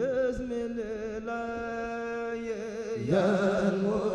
بسم الله يا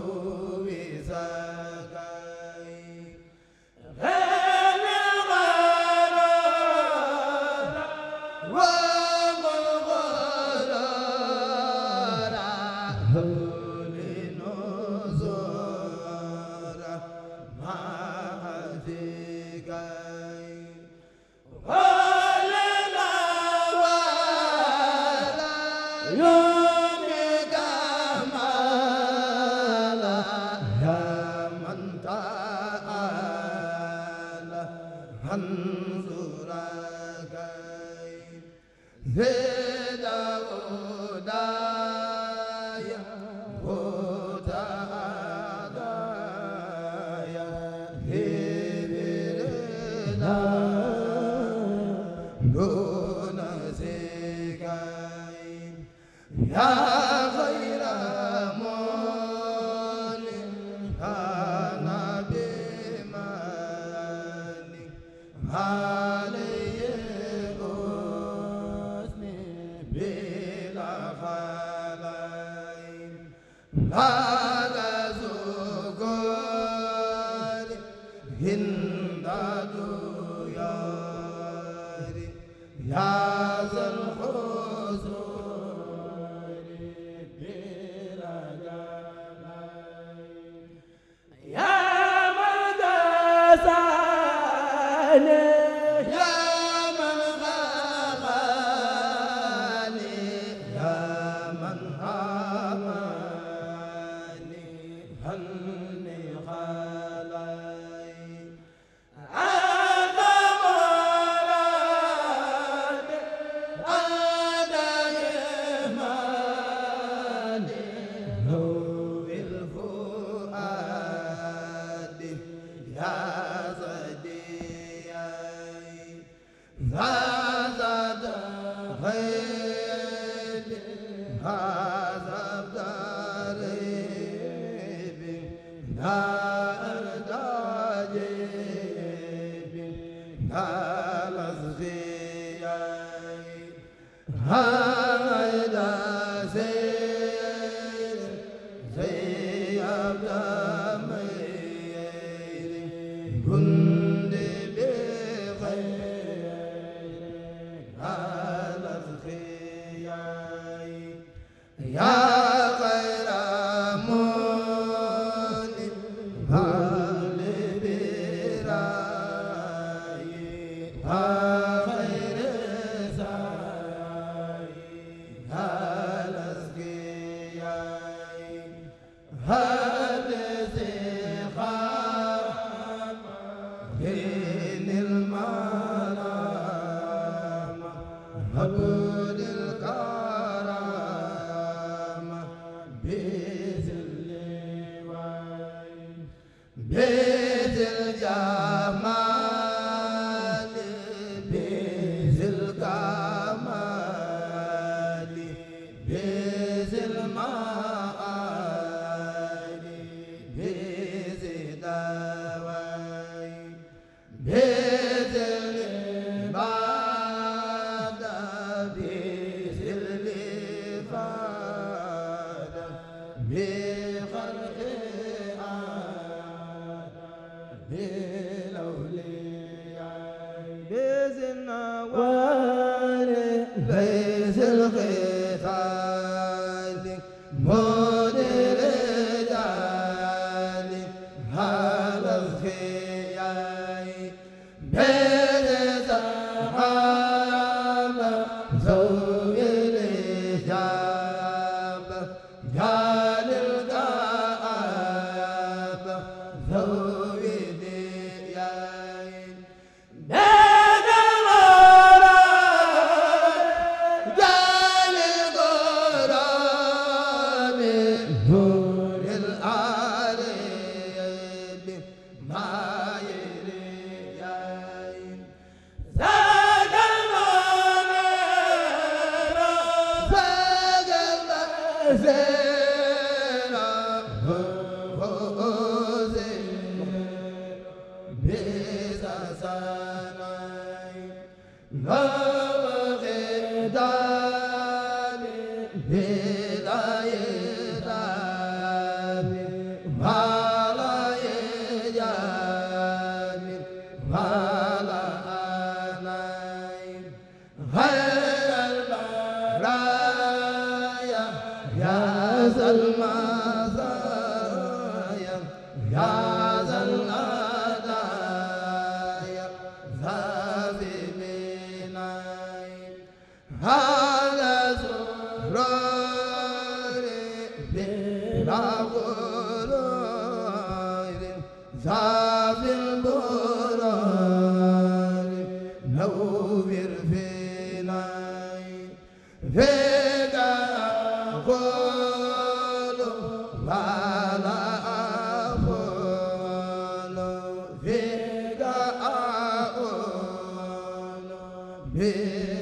له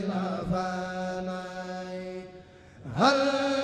la fanay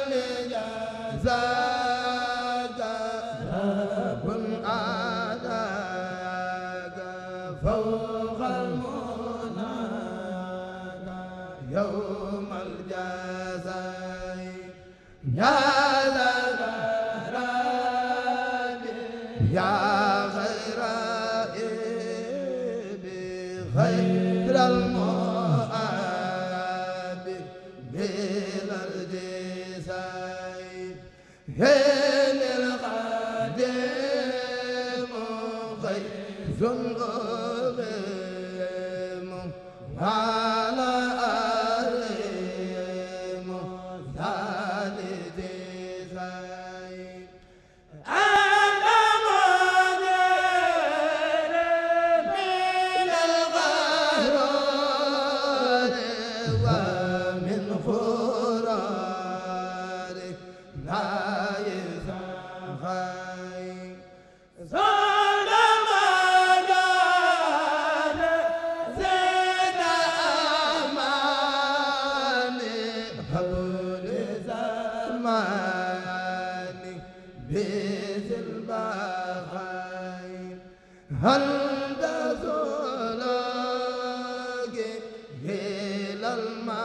al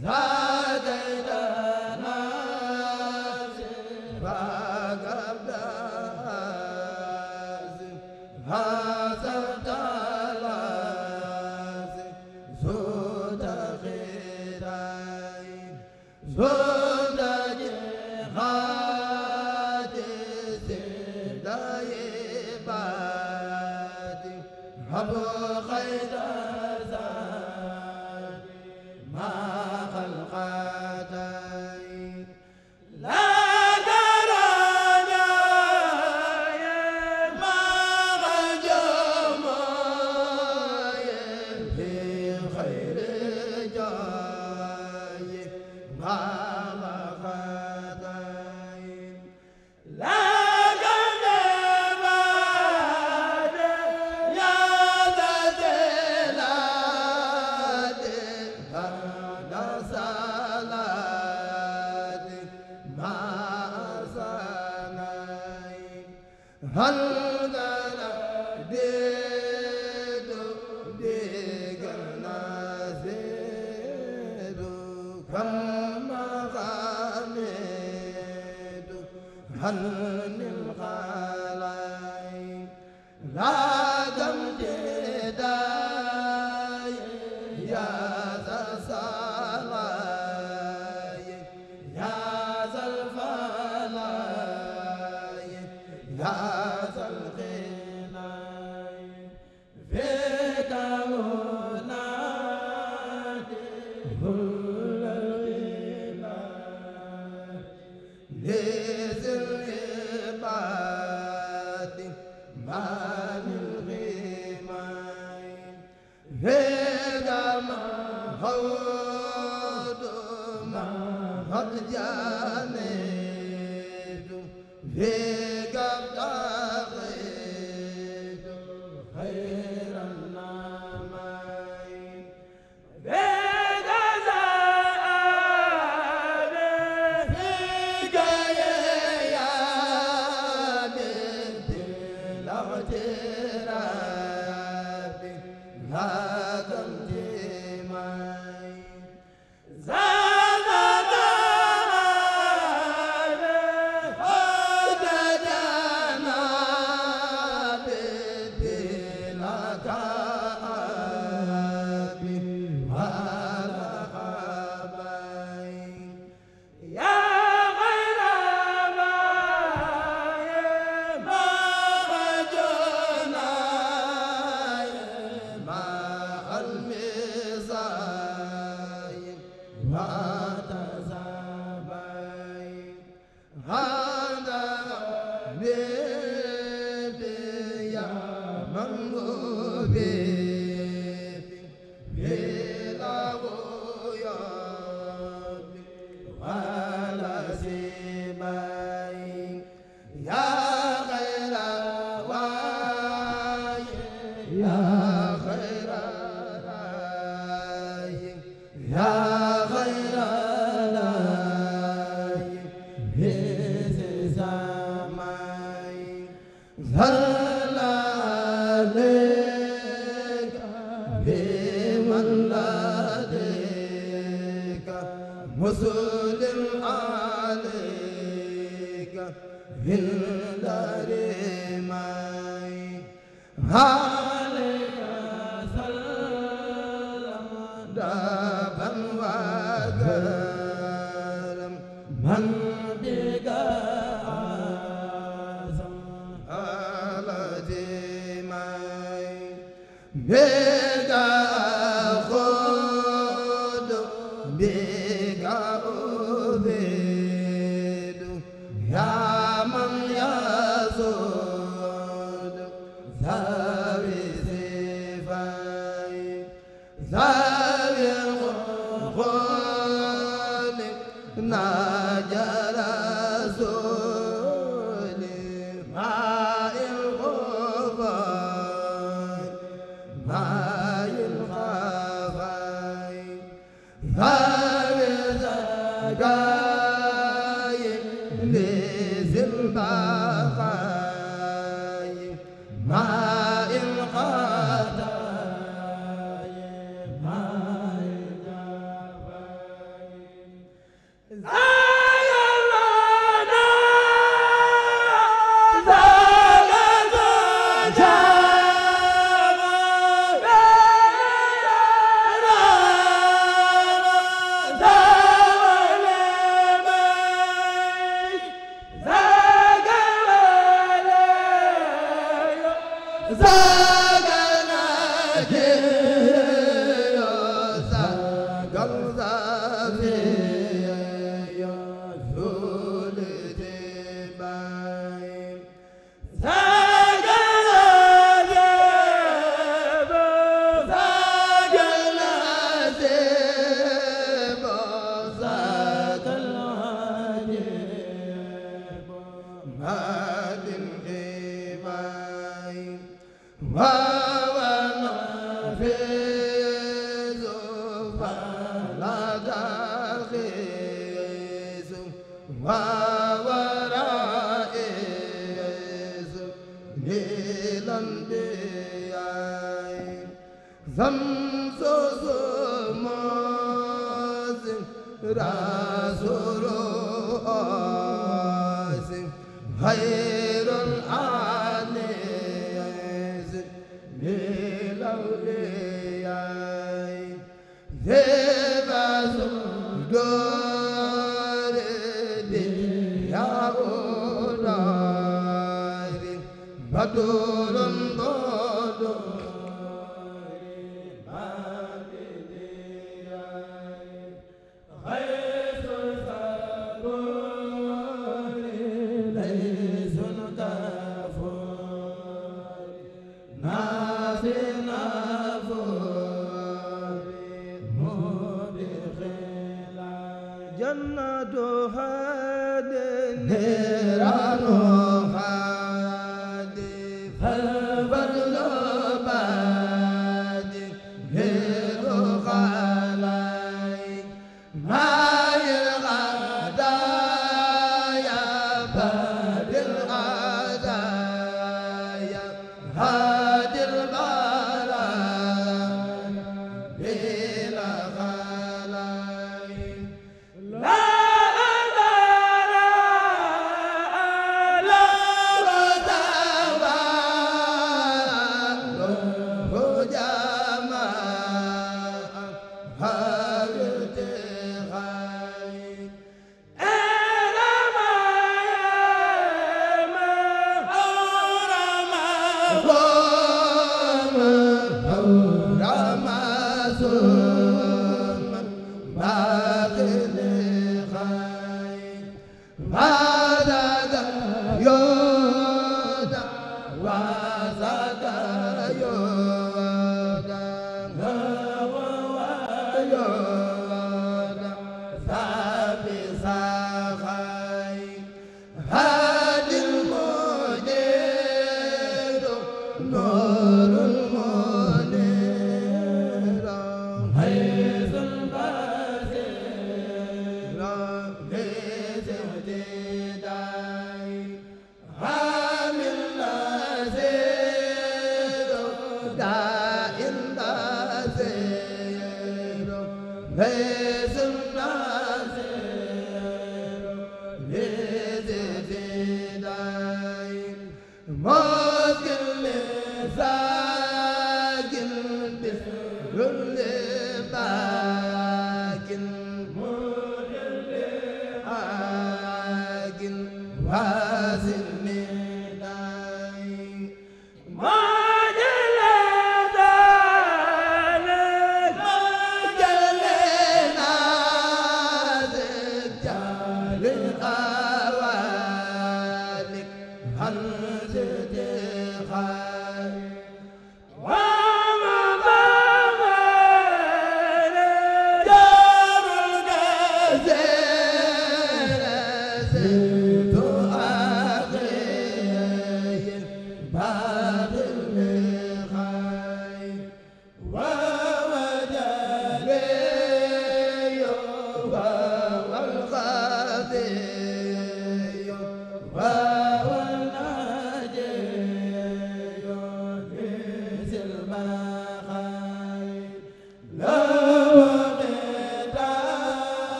la fe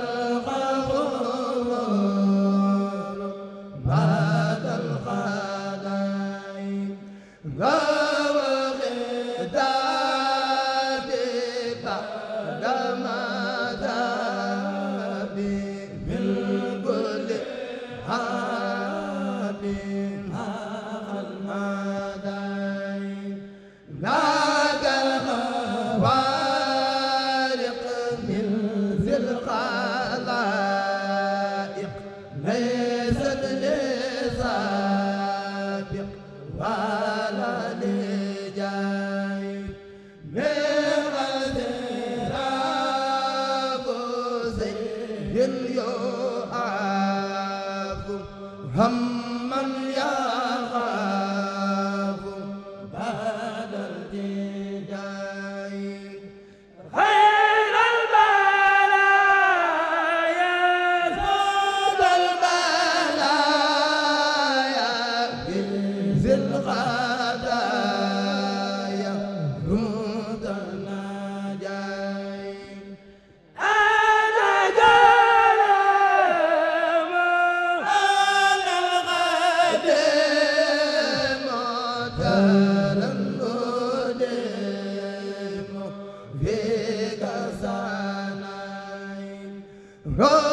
la Bravo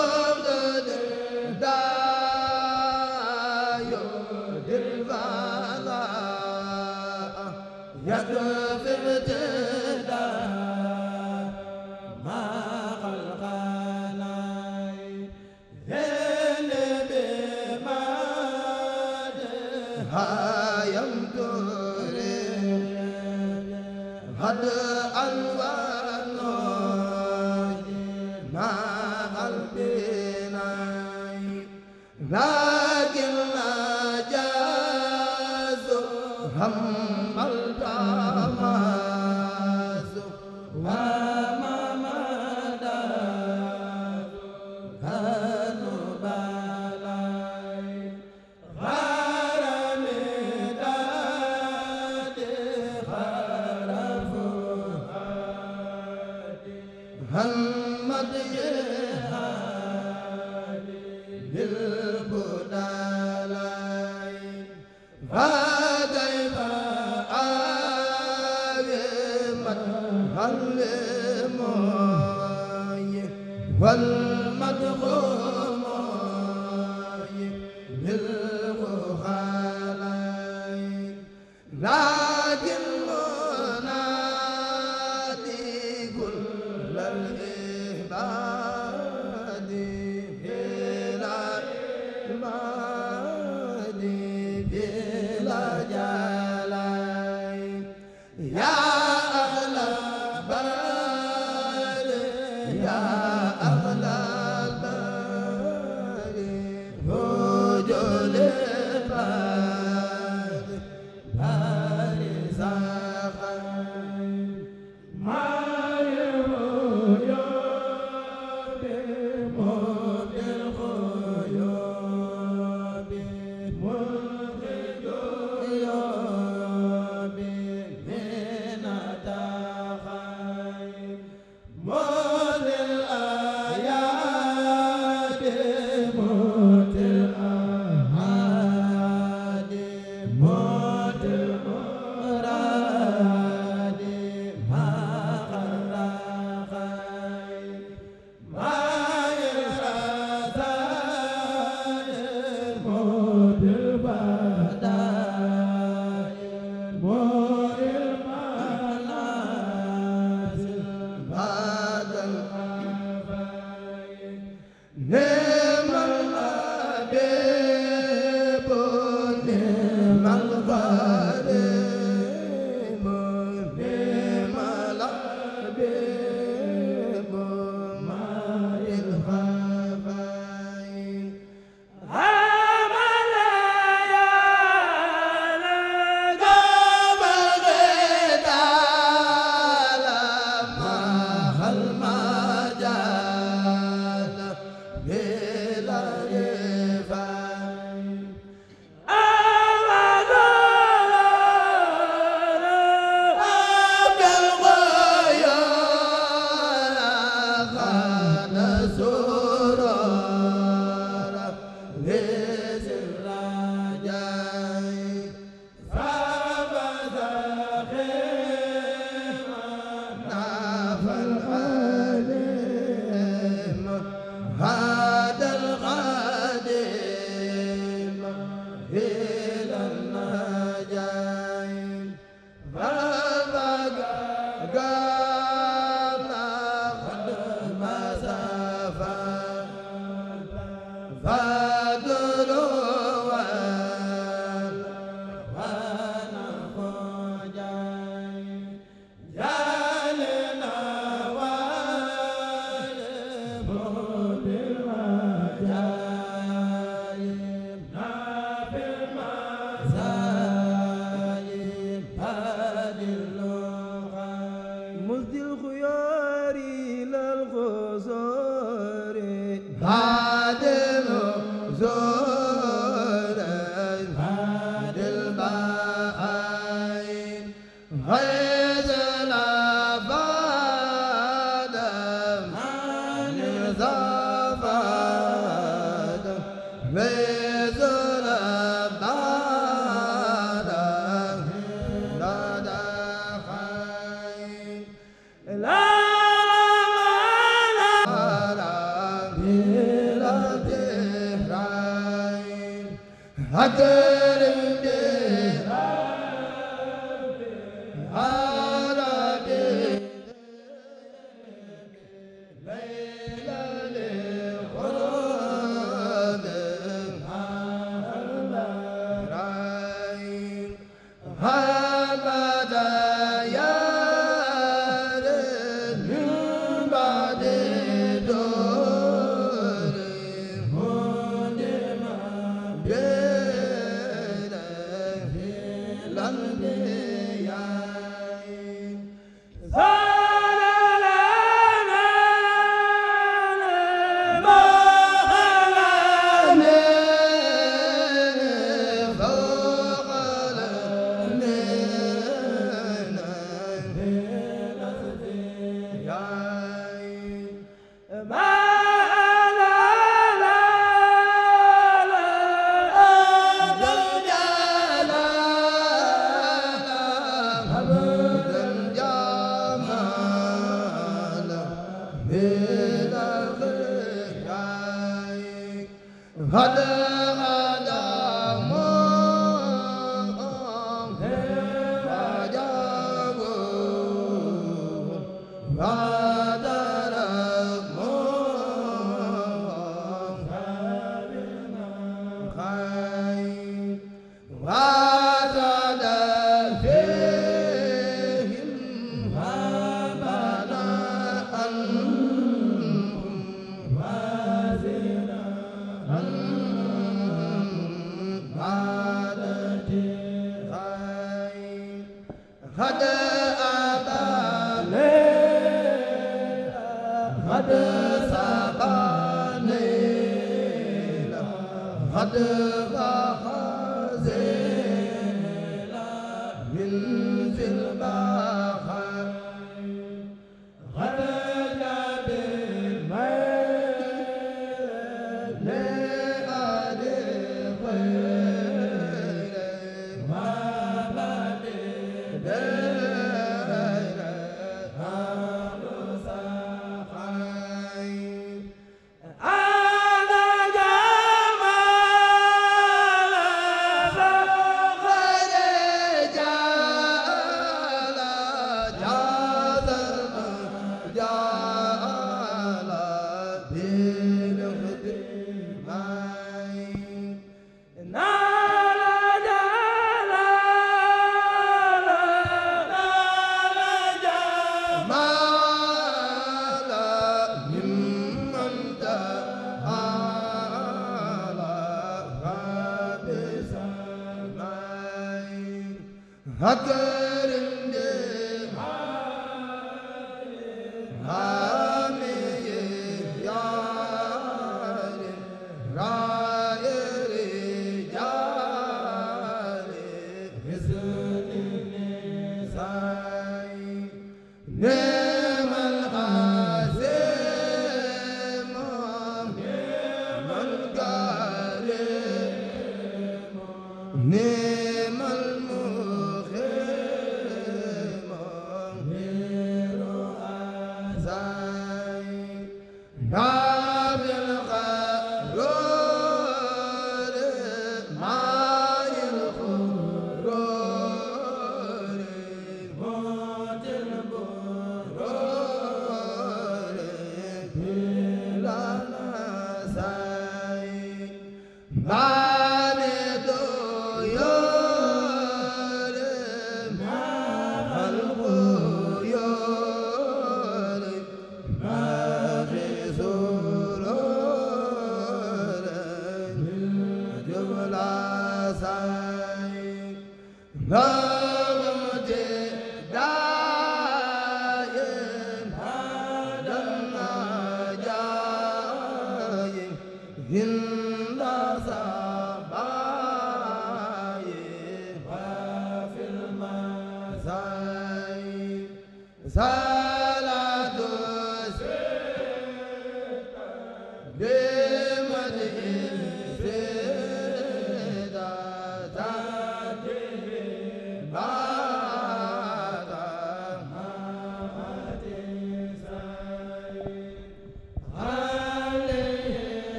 ذي الخيار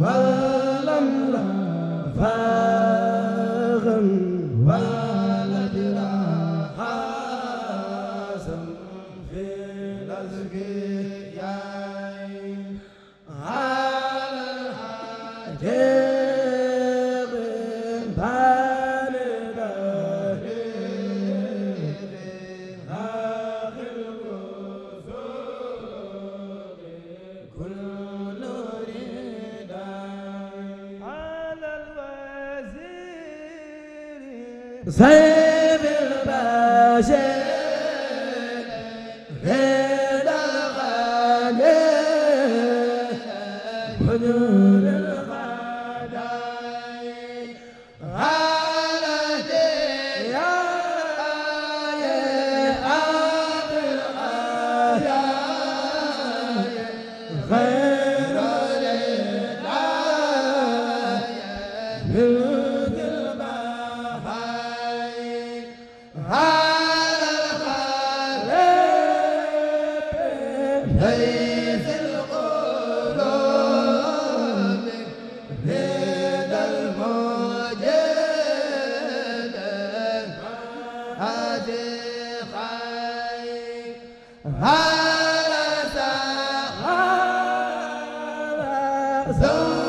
wa lam la sa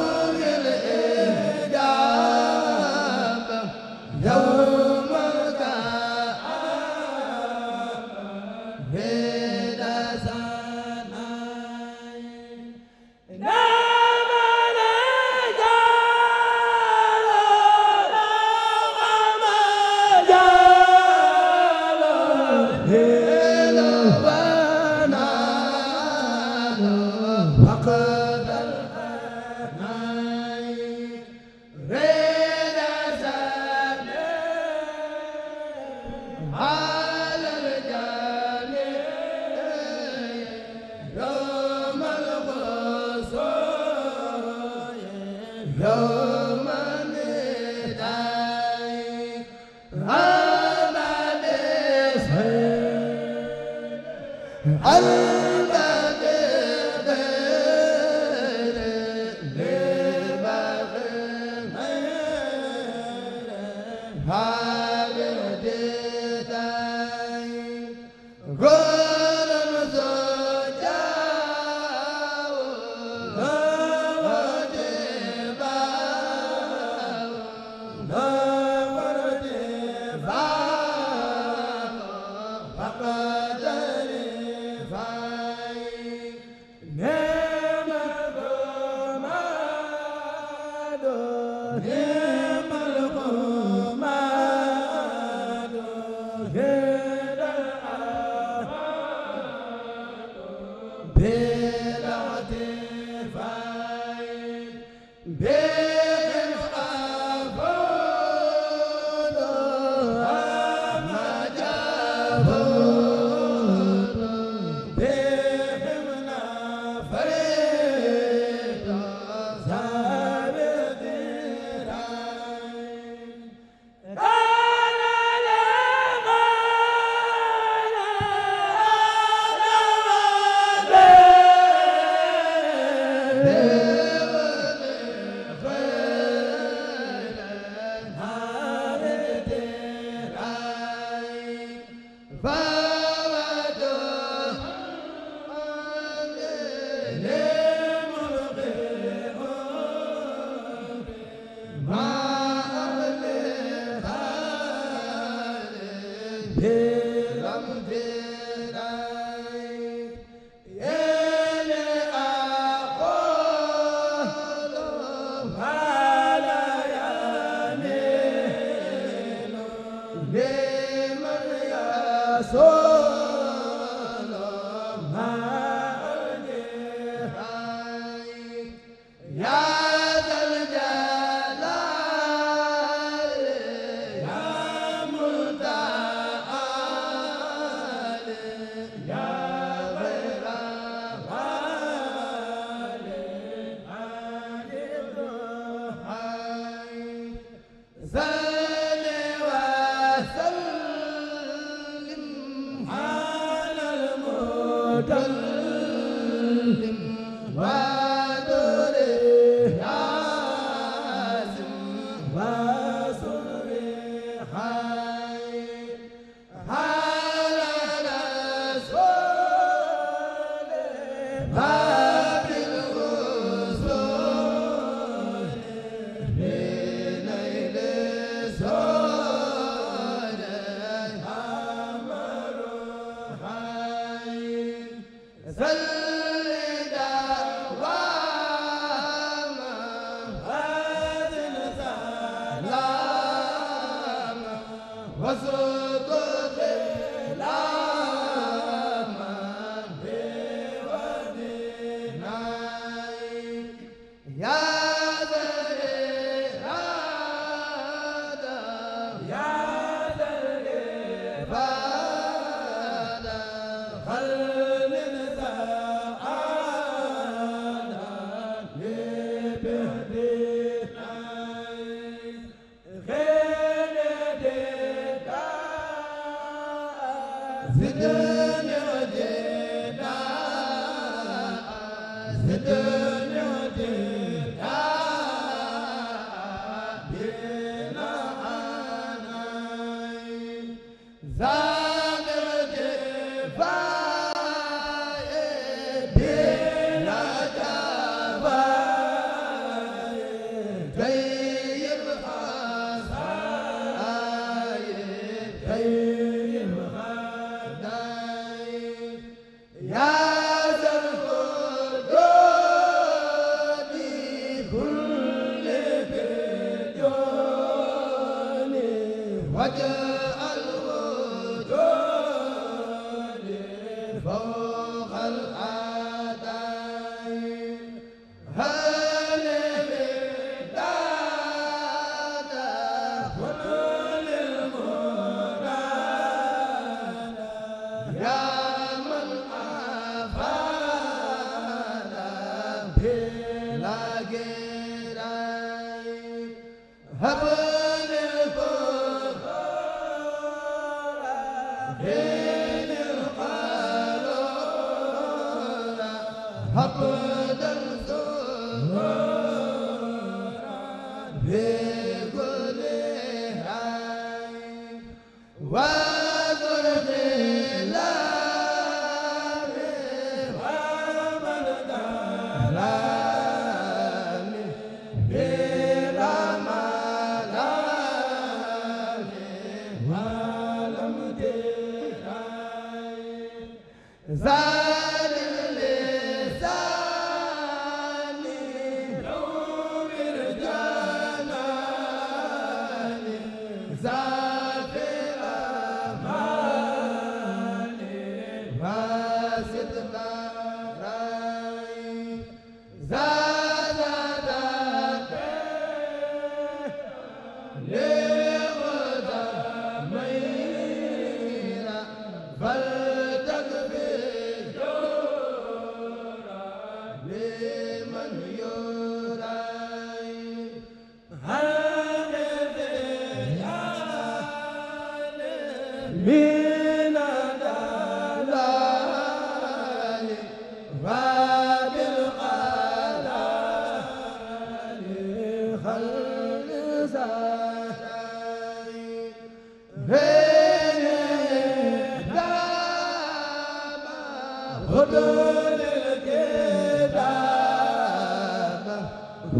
Happy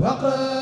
وقال